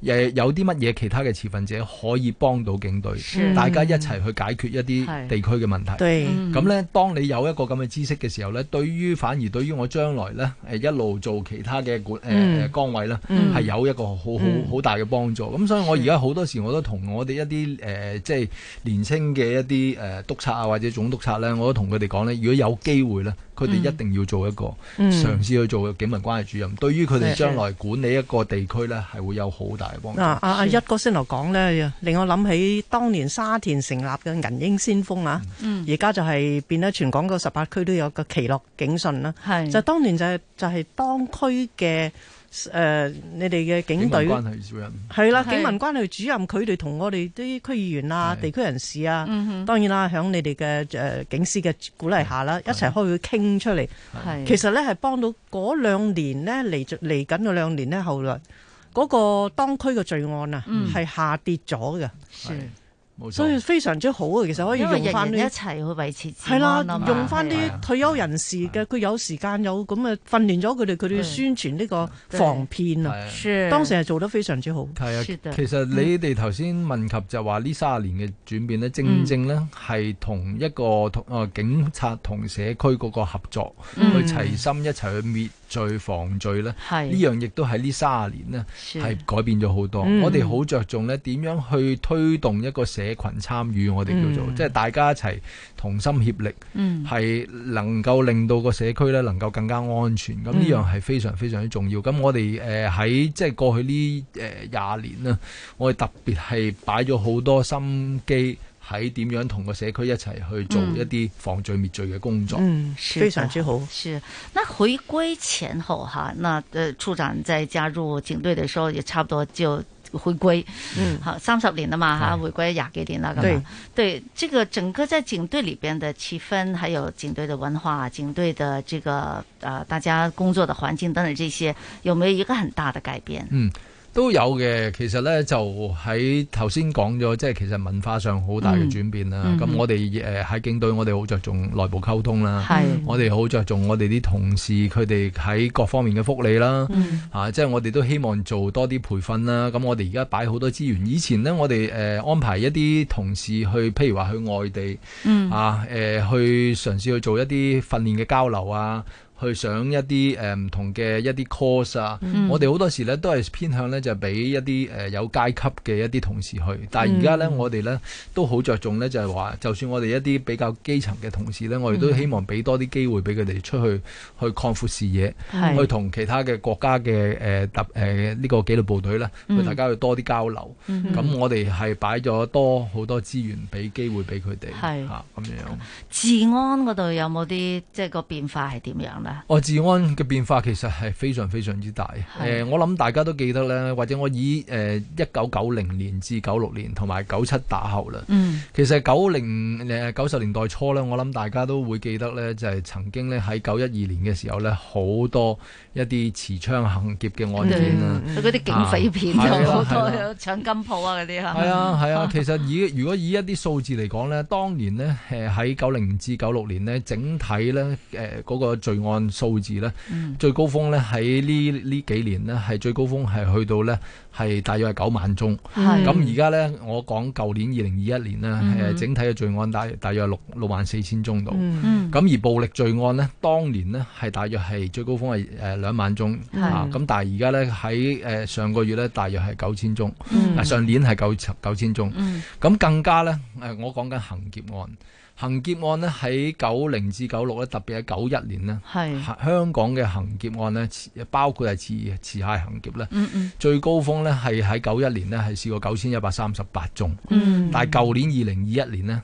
有啲乜嘢其他嘅持份者可以幫到警隊，嗯、大家一齊去解決一啲地區嘅問題。咁、嗯、呢，當你有一個咁嘅知識嘅時候呢，對於反而對於我將來呢，一路做其他嘅管誒崗位呢，係、嗯、有一個好好好大嘅幫助。咁、嗯、所以我而家好多時我都同我哋一啲誒即係年輕嘅一啲誒、呃、督察啊或者總督察呢，我都同佢哋講呢：「如果有機會呢。」佢哋一定要做一個嘗試去做嘅警民關係主任，對於佢哋將來管理一個地區咧，係會有好大嘅幫助。啊啊！一哥先頭講咧，令我諗起當年沙田成立嘅銀鷹先鋒啊，而家就係變咗全港個十八區都有個奇樂警訊啦。就當年就係就係當區嘅。誒、呃，你哋嘅警隊，警民關係主任係啦，警民關係主任佢哋同我哋啲區議員啊、是地區人士啊，是當然啦，響你哋嘅誒警司嘅鼓勵下啦，是一齊開會傾出嚟。係是，其實咧係幫到嗰兩年呢，嚟嚟緊嗰兩年呢，後來嗰個當區嘅罪案啊，係、嗯、下跌咗嘅。是所以非常之好啊！其實可以用翻啲一齊去維持治安、啊啊、用翻啲退休人士嘅，佢、啊、有時間有咁啊訓練咗佢哋，佢哋宣傳呢個防騙啊。當時係做得非常之好。係啊，其實你哋頭先問及就話呢三十年嘅轉變呢的正正呢係同一個同啊、嗯、警察同社區嗰個合作，嗯、去齊心一齊去滅。防罪咧，呢是樣亦都喺呢三十年呢，係是改變咗好多。嗯、我哋好着重咧，點樣去推動一個社群參與？我哋叫做、嗯、即係大家一齊同心協力，係、嗯、能夠令到個社區咧能夠更加安全。咁呢樣係非常非常之重要。咁、嗯、我哋喺即係過去呢誒廿年呢，我哋特別係擺咗好多心機。喺點樣同個社區一齊去做一啲防罪滅罪嘅工作，嗯，嗯，是非常之好。是。那回歸前後嚇，那誒、呃、處長在加入警隊嘅時候，也差不多就回歸，嗯，三十、嗯、年啦嘛嚇，是回歸廿幾年啦，咁啊對。對，這個整個在警隊裏邊的氣氛，還有警隊的文化、警隊的這個、呃、大家工作的環境等等這些，有沒有一個很大的改變？嗯。都有嘅，其實呢，就喺頭先講咗，即係其實文化上好大嘅轉變啦。咁、嗯嗯、我哋喺、呃、警隊，我哋好着重內部溝通啦。係，我哋好着重我哋啲同事佢哋喺各方面嘅福利啦。嗯、啊，即係我哋都希望做多啲培訓啦。咁我哋而家擺好多資源。以前呢，我哋誒、呃、安排一啲同事去，譬如話去外地，嗯啊，呃、去嘗試去做一啲訓練嘅交流啊。去上一啲誒唔同嘅一啲 course 啊，嗯、我哋好多時咧都係偏向咧就俾一啲誒、呃、有階級嘅一啲同事去，但係而家咧我哋咧都好着重咧就係、是、話就算我哋一啲比較基層嘅同事咧，我哋都希望俾多啲機會俾佢哋出去、嗯、去擴闊視野，是去同其他嘅國家嘅誒特誒呢個紀律部隊咧去大家去多啲交流。咁、嗯、我哋係擺咗多好多資源俾機會俾佢哋係。吓，咁樣治安嗰度有冇啲即係個變化係點樣咧？我治安嘅變化其實係非常非常之大，誒的、呃，我諗大家都記得咧，或者我以誒一九九零年至九六年同埋九七打後啦，嗯、其實九零誒九十年代初咧，我諗大家都會記得咧，就係曾經咧喺九一二年嘅時候咧，好多，一啲持槍行劫嘅案件，佢嗰啲警匪片好多、啊啊、有多、啊、搶金鋪啊嗰啲啊，係啊係啊， 其實以如果以一啲數字嚟講咧，當年呢，喺九零至九六年呢，整體咧嗰、呃嗰個罪案數字咧，嗯、最高峰咧喺呢呢幾年呢，係最高峰係去到咧。係大約係九萬宗，咁而家呢，我講舊年二零二一年呢，誒、嗯、整體嘅罪案大大約六六萬四千宗度。咁、嗯、而暴力罪案呢，當年呢係大約係最高峰係誒兩萬宗，是啊咁，但係而家呢，喺誒上個月呢，大約係九千宗，嗯、上年係九九千宗，咁、嗯、更加呢，誒，我講緊行劫案。行劫案咧，喺九零至九六咧，特別係九一年咧，香港嘅行劫案咧，包括係持持械行劫咧，嗯嗯最高峰咧係喺九一年咧，係試過九千一百三十八宗。嗯嗯但係舊年二零二一年咧，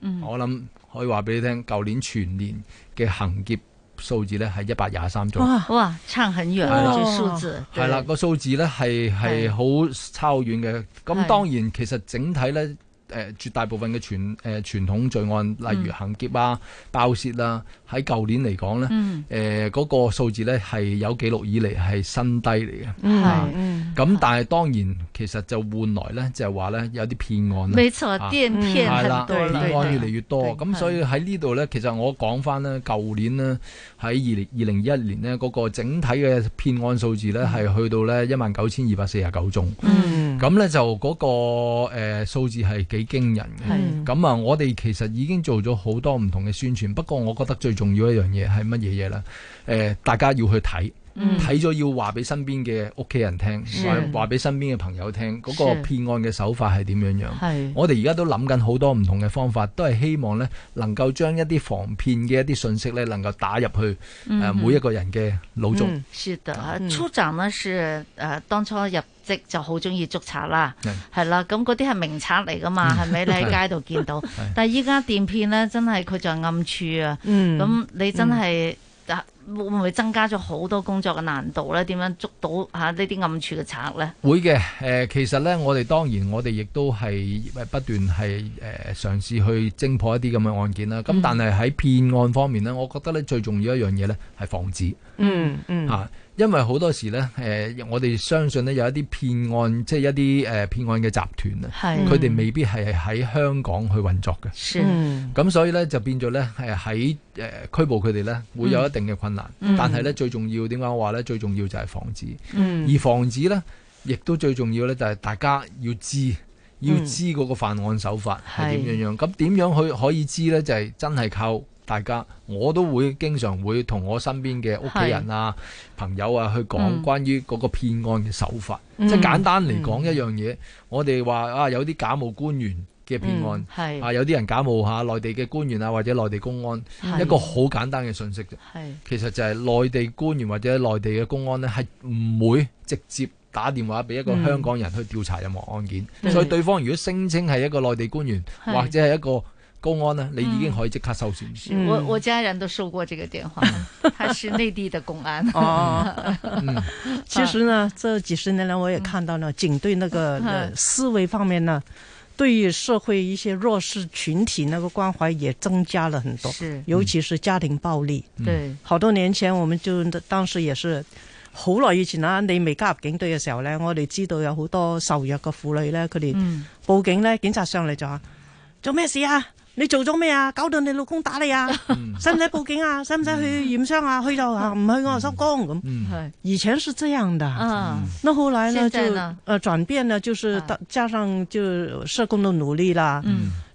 嗯嗯我諗可以話俾你聽，舊年全年嘅行劫數字咧係一百廿三宗。哇哇，差很遠啊！個數字係啦，個數字咧係係好差好遠嘅。咁當然，是其實整體呢。誒絕大部分嘅傳誒傳統罪案，例如行劫啊、爆竊啊，喺舊年嚟講呢，誒嗰個數字呢係有記錄以嚟係新低嚟嘅。咁但係當然其實就換來呢，就係話呢，有啲騙案啦。冇錯，啲人騙啦，騙案越嚟越多。咁所以喺呢度呢，其實我講翻呢，舊年呢，喺二零二零一一年呢，嗰個整體嘅騙案數字呢係去到呢一萬九千二百四十九宗。咁呢就嗰個誒數字係幾幾驚人嘅，咁啊、嗯！嗯嗯、我哋其實已經做咗好多唔同嘅宣傳，不過我覺得最重要一樣嘢係乜嘢嘢咧？誒，大家要去睇。睇咗要話俾身邊嘅屋企人聽，話話俾身邊嘅朋友聽，嗰個騙案嘅手法係點樣樣？我哋而家都諗緊好多唔同嘅方法，都係希望呢能夠將一啲防騙嘅一啲信息呢能夠打入去誒每一個人嘅腦中。是啊，初站呢，是誒當初入職就好鍾意捉賊啦，係啦，咁嗰啲係名賊嚟㗎嘛，係咪？你喺街度見到，但係依家電騙呢，真係佢就暗處啊，咁你真係。會唔會增加咗好多工作嘅難度咧？點樣捉到嚇呢啲暗處嘅賊咧？會嘅，誒、呃，其實咧，我哋當然，我哋亦都係誒不斷係誒、呃、嘗試去偵破一啲咁嘅案件啦。咁、嗯、但係喺騙案方面呢，我覺得咧最重要一樣嘢咧係防止。嗯嗯嚇、啊，因為好多時咧誒、呃，我哋相信咧有一啲騙案，即、就、係、是、一啲誒、呃、騙案嘅集團啊，佢哋、嗯、未必係喺香港去運作嘅。是、嗯。咁、嗯、所以咧就變咗咧係喺。呃誒拘捕佢哋呢，會有一定嘅困難。嗯嗯、但係呢，最重要點解話呢？最重要就係防止。嗯，而防止呢，亦都最重要呢，就係大家要知，嗯、要知嗰個犯案手法係點樣是樣。咁點樣去可以知呢？就係、是、真係靠大家。我都會經常會同我身邊嘅屋企人啊、是朋友啊去講關於嗰個騙案嘅手法。嗯、即係簡單嚟講一樣嘢，嗯、我哋話啊，有啲假冒官員。嘅騙案，啊有啲人假冒下內地嘅官員啊或者內地公安，一個好簡單嘅信息啫。其實就係內地官員或者內地嘅公安呢，係唔會直接打電話俾一個香港人去調查任何案件。所以對方如果聲稱係一個內地官員或者係一個公安呢，你已經可以即刻收線。我我家人都收過，這個電話，他是內地的公安。哦，其實呢，這幾十年來我也看到呢，警隊，那個思維方面呢。對於社會一些弱勢群體，那個關懷也增加了很多，是尤其是家庭暴力。對、嗯，好多年前我們就當時也是好耐以前啦、啊，你未加入警隊嘅時候呢，我哋知道有好多受虐嘅婦女呢，佢哋報警呢，警察上嚟就話做咩事啊？你做咗咩啊？搞到你老公打你啊？使唔使報警啊？使唔使去驗傷啊？去就唔、啊、去我、啊、收工咁。係。嗯、以前是這樣的。啊、嗯，那後來呢，呢就，呃，轉變呢，就是加上就社工的努力啦。嗯。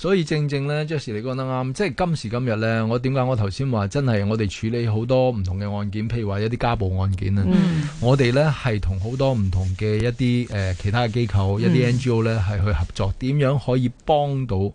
所以正正呢 Jesse, 你講得啱，即係今時今日呢，我點解我頭先話真係我哋處理好多唔同嘅案件，譬如話一啲家暴案件，嗯，我哋呢係同好多唔同嘅一啲誒、呃、其他嘅機構一啲 N G O 呢係去合作，點、嗯、樣可以幫到？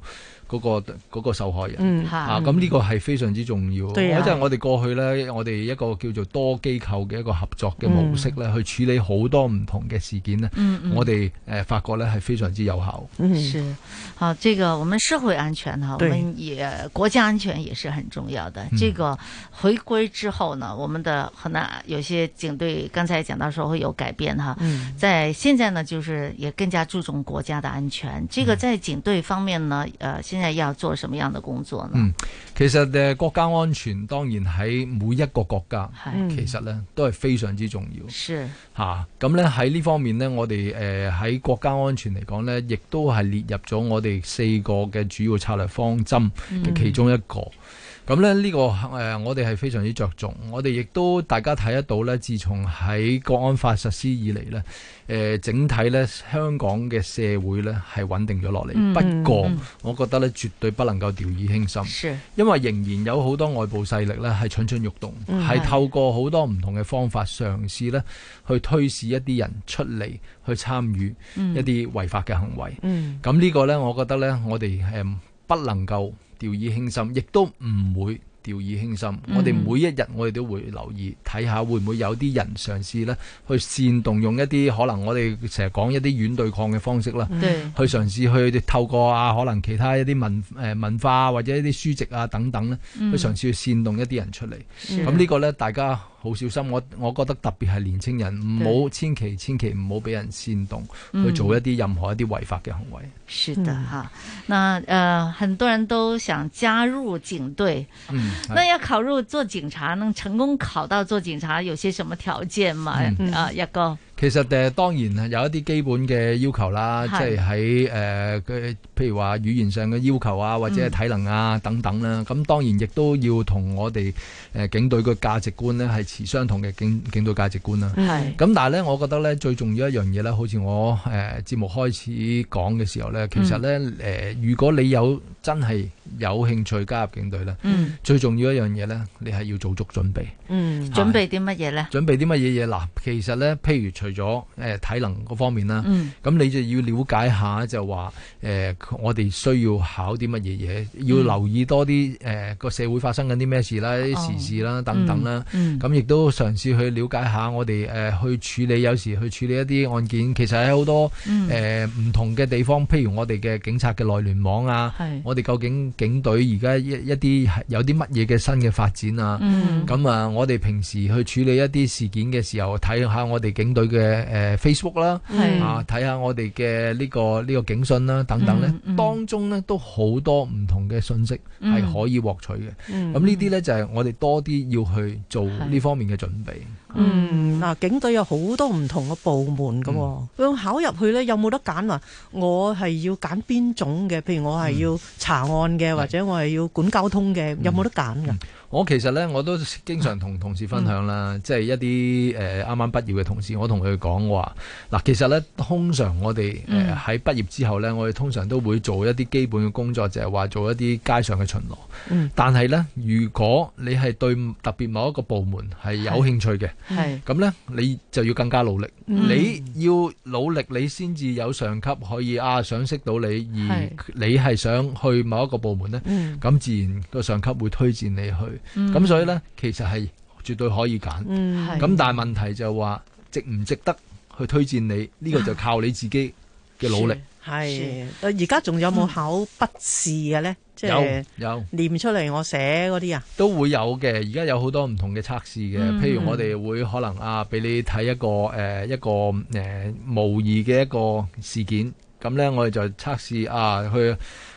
嗰、那個嗰、那個受害人、嗯、啊，咁呢、嗯、個係非常之重要。即係、啊、我哋過去呢，我哋一個叫做多機構嘅一個合作嘅模式呢，嗯、去處理好多唔同嘅事件呢。嗯嗯、我哋誒發覺呢係非常之有效。是，好，這個我們社會安全哈，對我們也國家安全也是很重要的。這個回歸之後呢，我們的可能、嗯、有些警隊，剛才講到說會有改變哈。嗯，在現在呢，就是也更加注重國家的安全。這個在警隊方面呢，呃。現在要做什麼樣的工作呢？嗯，其實誒，國家安全當然喺每一個國家，嗯，其實咧都係非常之重要。是，吓，咁咧喺呢方面咧，我哋誒喺國家安全嚟講呢亦都係列入咗我哋四個嘅主要策略方針嘅其中一個。嗯咁呢呢個、呃、我哋係非常之着重。我哋亦都大家睇得到呢，自從喺國安法實施以嚟呢、呃、整體呢香港嘅社會呢係穩定咗落嚟。嗯、不過，嗯、我覺得呢，絕對不能夠掉以輕心，是因為仍然有好多外部勢力呢係蠢蠢欲動，係、嗯、透過好多唔同嘅方法嘗試呢去推使一啲人出嚟去參與一啲違法嘅行為。咁呢、嗯、個呢，我覺得呢，我哋係不能夠掉以輕心，亦都唔會掉以輕心。嗯、我哋每一日，我哋都會留意，睇下會唔會有啲人嘗試呢去煽動用一啲可能我哋成日講一啲軟對抗嘅方式啦，嗯、去嘗試去透過啊，可能其他一啲文、呃、文化或者一啲書籍啊等等呢去嘗試去煽動一啲人出嚟。咁呢、嗯、個呢，大家。好小心，我我覺得特別係年輕人唔好對千祈千祈唔好俾人煽動、嗯、去做一啲任何一啲違法嘅行為。是的嚇，那呃很多人都想加入警隊，嗯，那要考入做警察，能成功考到做警察，有些什麼條件嘛？嗯、啊，一哥。其實誒、呃，當然係有一啲基本嘅要求啦，是即係喺誒，譬如話語言上嘅要求啊，或者係體能啊、嗯、等等啦。咁當然亦都要同我哋誒、呃、警隊嘅價值觀咧係持相同嘅警警隊價值觀啦。係咁是，但係咧，我覺得咧最重要的一樣嘢咧，好似我誒節目開始講嘅時候咧，其實咧誒、嗯呃，如果你有真係有興趣加入警隊啦，嗯、最重要一樣嘢呢，你係要做足準備。嗯、是準備啲乜嘢呢？準備啲乜嘢嘢？嗱，其實呢，譬如除咗誒、呃、體能嗰方面啦，咁、嗯、你就要了解下，就話、呃、我哋需要考啲乜嘢嘢，嗯、要留意多啲個、呃、社會發生緊啲咩事啦、啲時事啦等等啦。咁亦都嘗試去了解下我哋、呃、去處理，有時去處理一啲案件，其實喺好多唔、嗯呃、同嘅地方，譬如我哋嘅警察嘅內聯網啊，我哋究竟警隊而家一一啲有啲乜嘢嘅新嘅發展啊？咁、嗯、啊，我哋平時去處理一啲事件嘅時候，睇下我哋警隊嘅誒 Facebook 啦，是啊睇下我哋嘅呢個呢、這個警訊啦等等咧，嗯嗯、當中咧都好多唔同嘅信息係可以獲取嘅。咁、嗯嗯、呢啲咧就係、是、我哋多啲要去做呢方面嘅準備。是嗯，嗱、啊，警隊有好多唔同嘅部門噶、哦，要、嗯、考入去咧，有冇得揀啊？我係要揀邊種嘅？譬如我係要。查案嘅，或者我係要管交通嘅，有冇得揀㗎？嗯嗯我其實咧，我都經常同同事分享啦，嗯、即係一啲誒啱啱畢業嘅同事，我同佢講話，嗱其實咧，通常我哋喺、呃、畢業之後咧，我哋通常都會做一啲基本嘅工作，就係話做一啲街上嘅巡邏。嗯、但係咧，如果你係對特別某一個部門係有興趣嘅，係，咁咧你就要更加努力。嗯、你要努力，你先至有上級可以啊賞識到你，而你係想去某一個部門咧，咁、嗯、自然個上級會推薦你去。咁、嗯、所以呢，其實係絕對可以揀。咁、嗯、但係問題就話值唔值得去推薦你呢，呢個就靠你自己嘅努力。係、啊，而家仲有冇考筆試嘅呢？嗯、即係是有，有念出嚟我寫嗰啲啊，都會有嘅。而家有好多唔同嘅測試嘅，嗯、譬如我哋會可能啊，俾你睇一個誒、呃、一個誒模擬嘅一個事件，咁呢，我哋就測試啊去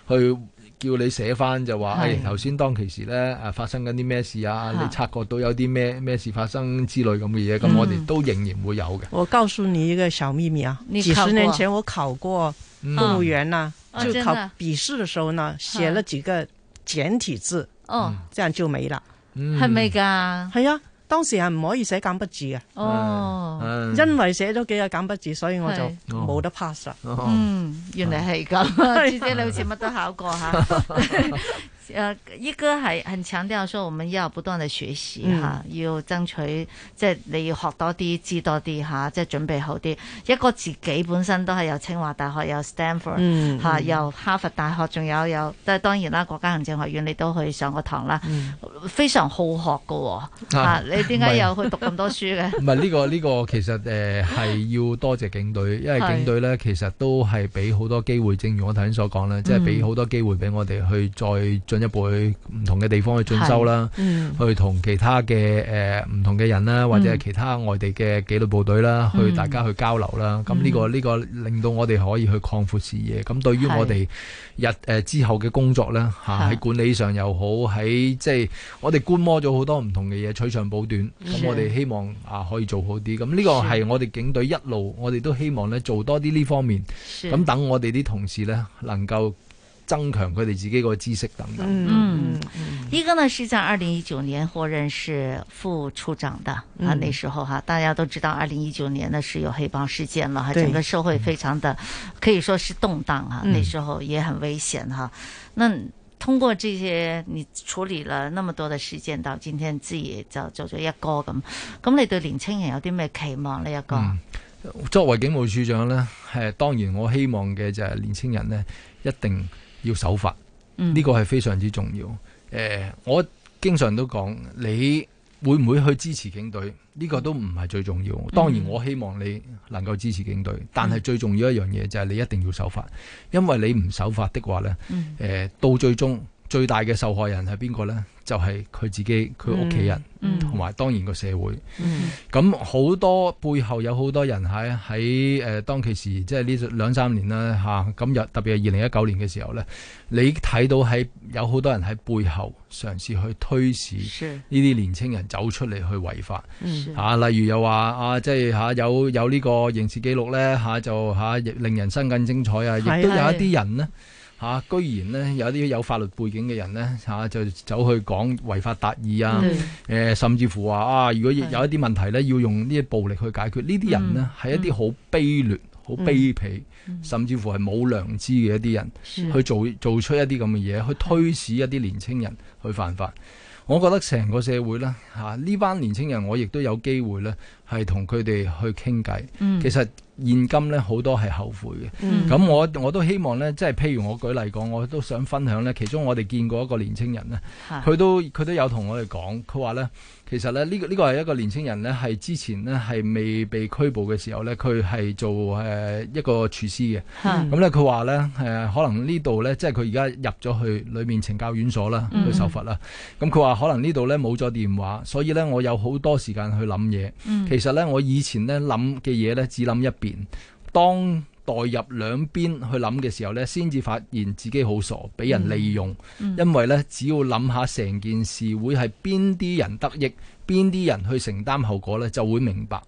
去。去叫你寫翻就話，哎頭先當其時咧，誒、啊、發生緊啲咩事啊？的你察覺到有啲咩咩事發生之類咁嘅嘢，咁、嗯、我哋都仍然會有嘅。我告訴你一個小秘密啊！你幾十年前我考過公務員啊、嗯、就考筆試嘅時候呢，寫、嗯、了幾個簡體字，哦、嗯，這樣就沒了，係咪噶？係啊。當時係唔可以寫簡筆字嘅，哦、因為寫咗幾個簡筆字，所以我就冇得 pass 啦。哦哦哦、嗯，原來係咁，朱、哦、姐你好似乜都考過吓。 誒，一哥係很強調說我們要不斷的學習吓，嗯、要爭取即係、就是、你要學多啲、知多啲吓，即、啊、係、就是、準備好啲。一哥自己本身都係有清華大學、有 Stanford 吓、嗯嗯啊、有哈佛大學，仲有有都係當然啦，國家行政學院你都去上過堂啦，嗯、非常好學噶、哦。吓、啊啊，你點解要去讀咁多書嘅？唔係呢個呢、這個其實誒係、呃、要多謝警隊，因為警隊咧是其實都係俾好多機會，正如我頭先所講啦，嗯、即係俾好多機會俾我哋去再進。一步去唔同嘅地方，嗯，去進修啦，去同其他嘅誒唔同嘅人啦，或者係其他外地嘅紀律部隊啦，嗯，去大家去交流啦。咁呢，嗯這個呢，嗯，個令到我哋可以去擴闊視野。咁對於我哋日誒是之後嘅工作咧，吓，啊，喺管理上又好，喺即係我哋觀摩咗好多唔同嘅嘢，取長補短。咁我哋希望是啊可以做好啲。咁呢個係我哋警隊一路，我哋都希望咧做多啲呢方面。咁等是我哋啲同事咧能夠。增強佢哋自己個知識等等。嗯嗯，一、嗯、 個呢是在二零一九年獲任是副處長的。嗯。啊，那時候哈，大家都知道二零一九年呢是有黑幫事件嘛，對整個社會非常的，嗯、可以說是動盪哈。嗯。那時候也很危險哈。那通過這些，你處理了那麼多的事件，到今天自己就做咗一哥咁，咁你對年青人有啲咩期望呢？一哥、嗯？作為警務處長呢，係當然我希望嘅就係年青人呢，一定。要守法，呢、這個係非常之重要。誒、呃，我經常都講，你會唔會去支持警隊？呢、這個都唔係最重要。當然，我希望你能夠支持警隊，但係最重要一樣嘢就係你一定要守法。因為你唔守法的話，誒、呃，到最終最大嘅受害人係邊個呢？就係佢自己，佢屋企人，同埋、嗯嗯、當然個社會。咁好、嗯、多背後有好多人喺喺誒當其時，即係呢兩三年啦嚇。咁、啊、又特別係二零一九年嘅時候呢，你睇到喺有好多人喺背後嘗試去推使呢啲年青人走出嚟去違法嚇。例如又話啊，即係嚇有有呢個刑事記錄呢，嚇、啊，就嚇、啊、令人生更精彩啊！亦都是有一啲人咧。吓、啊，居然呢，有啲有法律背景嘅人呢，吓、啊，就走去講違法達義啊！誒、mm hmm. 呃，甚至乎話啊，啊，如果有一啲問題呢，的要用呢啲暴力去解決，呢啲人呢係、mm hmm. 一啲好卑劣、好卑鄙，mm hmm. 甚至乎係冇良知嘅一啲人、mm hmm. 去做做出一啲咁嘅嘢，去推使一啲年青人去犯法。的我覺得成個社會呢，吓、啊，呢班年青人，我亦都有機會呢。係同佢哋去傾偈，嗯、其實現今呢好多係後悔嘅。咁、嗯、我我都希望呢，即係譬如我舉例講，我都想分享呢。其中我哋見過一個年青人呢佢是都佢都有同我哋講，佢話呢，其實呢呢、這個呢、這個係一個年青人呢係之前呢係未被拘捕嘅時候呢，佢係做、呃、一個廚師嘅。咁呢，佢話呢，可能呢度呢，即係佢而家入咗去裏面懲教院所啦，去受罰啦。咁佢話可能呢度呢冇咗電話，所以呢我有好多時間去諗嘢。嗯其實咧，我以前咧諗嘅嘢咧，只諗一邊，當代入兩邊去諗嘅時候咧，先至發現自己好傻，俾人利用。嗯嗯、因為咧，只要諗下成件事會係邊啲人得益，邊啲人去承擔後果咧，就會明白。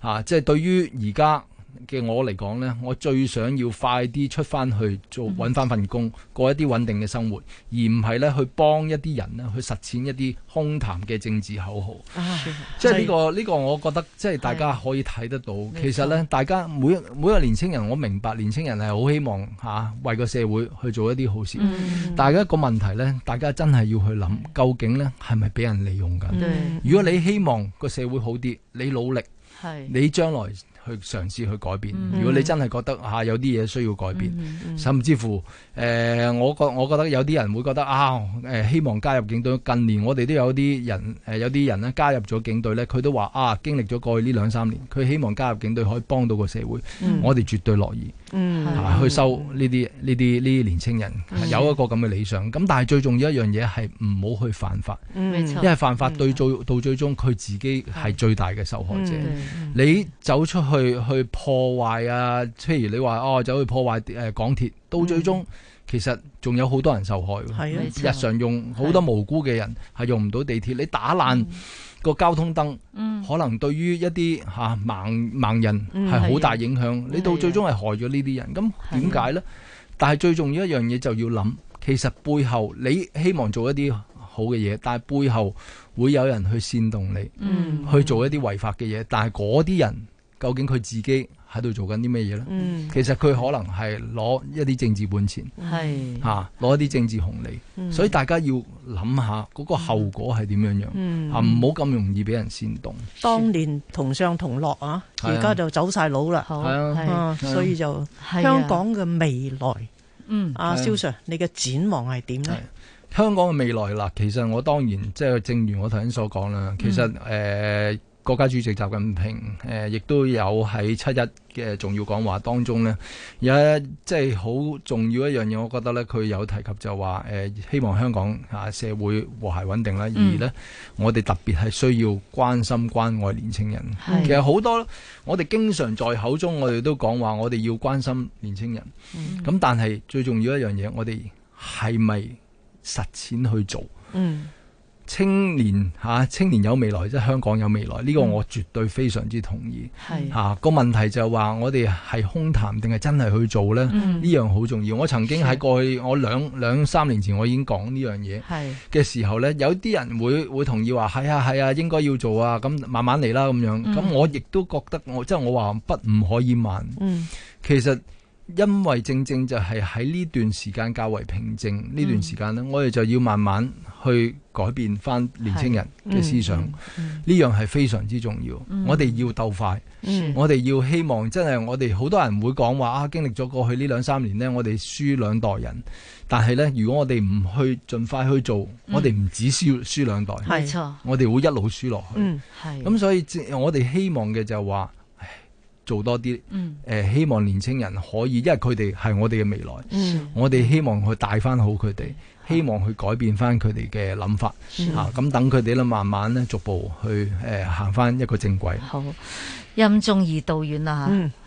啊、即係對於而家。嘅我嚟講呢，我最想要快啲出翻去做，揾翻份工，過一啲穩定嘅生活，而唔係呢去幫一啲人呢去實踐一啲空談嘅政治口號。啊、即係呢個呢個，以個我覺得即係大家可以睇得到。的其實呢，說大家每每個年青人，我明白年青人係好希望吓、啊、為個社會去做一啲好事。嗯、但係一個問題呢，大家真係要去諗，究竟呢係咪俾人利用緊？對如果你希望個社會好啲，你努力，的你將來。去嘗試去改變。如果你真係覺得嚇、mm hmm. 啊、有啲嘢需要改變，甚至乎誒、呃，我覺我覺得有啲人會覺得啊，誒希望加入警隊。近年我哋都有啲人誒、啊，有啲人咧加入咗警隊呢，佢都話啊，經歷咗過去呢兩三年，佢希望加入警隊可以幫到個社會，mm hmm. 我哋絕對樂意。嗯、啊，去收呢啲呢啲呢啲年青人、嗯、有一個咁嘅理想。咁但係最重要一樣嘢係唔好去犯法，嗯、因為犯法對最、嗯、到最終佢自己係最大嘅受害者。嗯、你走出去去破壞啊，譬如你話哦，走去破壞誒港鐵，到最終、嗯、其實仲有好多人受害。係啊、嗯，日常用好多無辜嘅人係用唔到地鐵，你打爛。嗯個交通燈、嗯、可能對於一啲嚇、啊、盲盲人係好大影響，嗯、是你到最終係害咗呢啲人。咁點解呢？的但係最重要一樣嘢就要諗，其實背後你希望做一啲好嘅嘢，但係背後會有人去煽動你，嗯、去做一啲違法嘅嘢。但係嗰啲人究竟佢自己？喺度做緊啲咩嘢咧？其實佢可能係攞一啲政治本錢，吓攞一啲政治紅利，所以大家要諗下嗰個後果係點樣樣吓，唔好咁容易俾人煽動。當年同上同落啊，而家就走晒佬啦，係啊，所以就香港嘅未來，嗯，阿蕭 Sir，你嘅展望係點咧？香港嘅未來嗱其實我當然即係正如我頭先所講啦，其實誒。國家主席習近平誒亦、呃、都有喺七一嘅重要講話當中呢，有一即係好重要一樣嘢，我覺得呢，佢有提及就係話、呃、希望香港啊社會和諧穩定啦。而呢，嗯、我哋特別係需要關心關愛年青人。嗯、其實好多我哋經常在口中我哋都講話，我哋要關心年青人。咁、嗯、但係最重要一樣嘢，我哋係咪實踐去做？嗯青年吓、啊，青年有未來，即係香港有未來。呢、這個我絕對非常之同意。係吓個問題就係話，我哋係空談定係真係去做呢？呢、嗯、樣好重要。我曾經喺過去是我兩兩三年前，我已經講呢樣嘢嘅時候是呢有啲人會會同意話係啊係啊，應該要做啊，咁慢慢嚟啦咁樣。咁我亦都覺得、嗯、我即係、就是、我話不唔可以慢。嗯，其實。因為正正就係喺呢段時間較為平靜呢、嗯、段時間呢，我哋就要慢慢去改變翻年青人嘅思想，呢、嗯嗯、樣係非常之重要。嗯、我哋要鬥快，是我哋要希望真係我哋好多人會講話啊！經歷咗過去呢兩三年呢，我哋輸兩代人，但係呢，如果我哋唔去盡快去做，我哋唔止輸、嗯、輸兩代，係錯是，我哋會一路輸落去。咁、嗯嗯，所以我哋希望嘅就係話。做多啲，誒、呃、希望年青人可以，因為佢哋係我哋嘅未來，嗯、我哋希望去帶翻好佢哋，希望去改變翻佢哋嘅諗法，嚇咁等佢哋咧慢慢咧逐步去誒行翻一個正軌。好，任重而道遠啦嚇。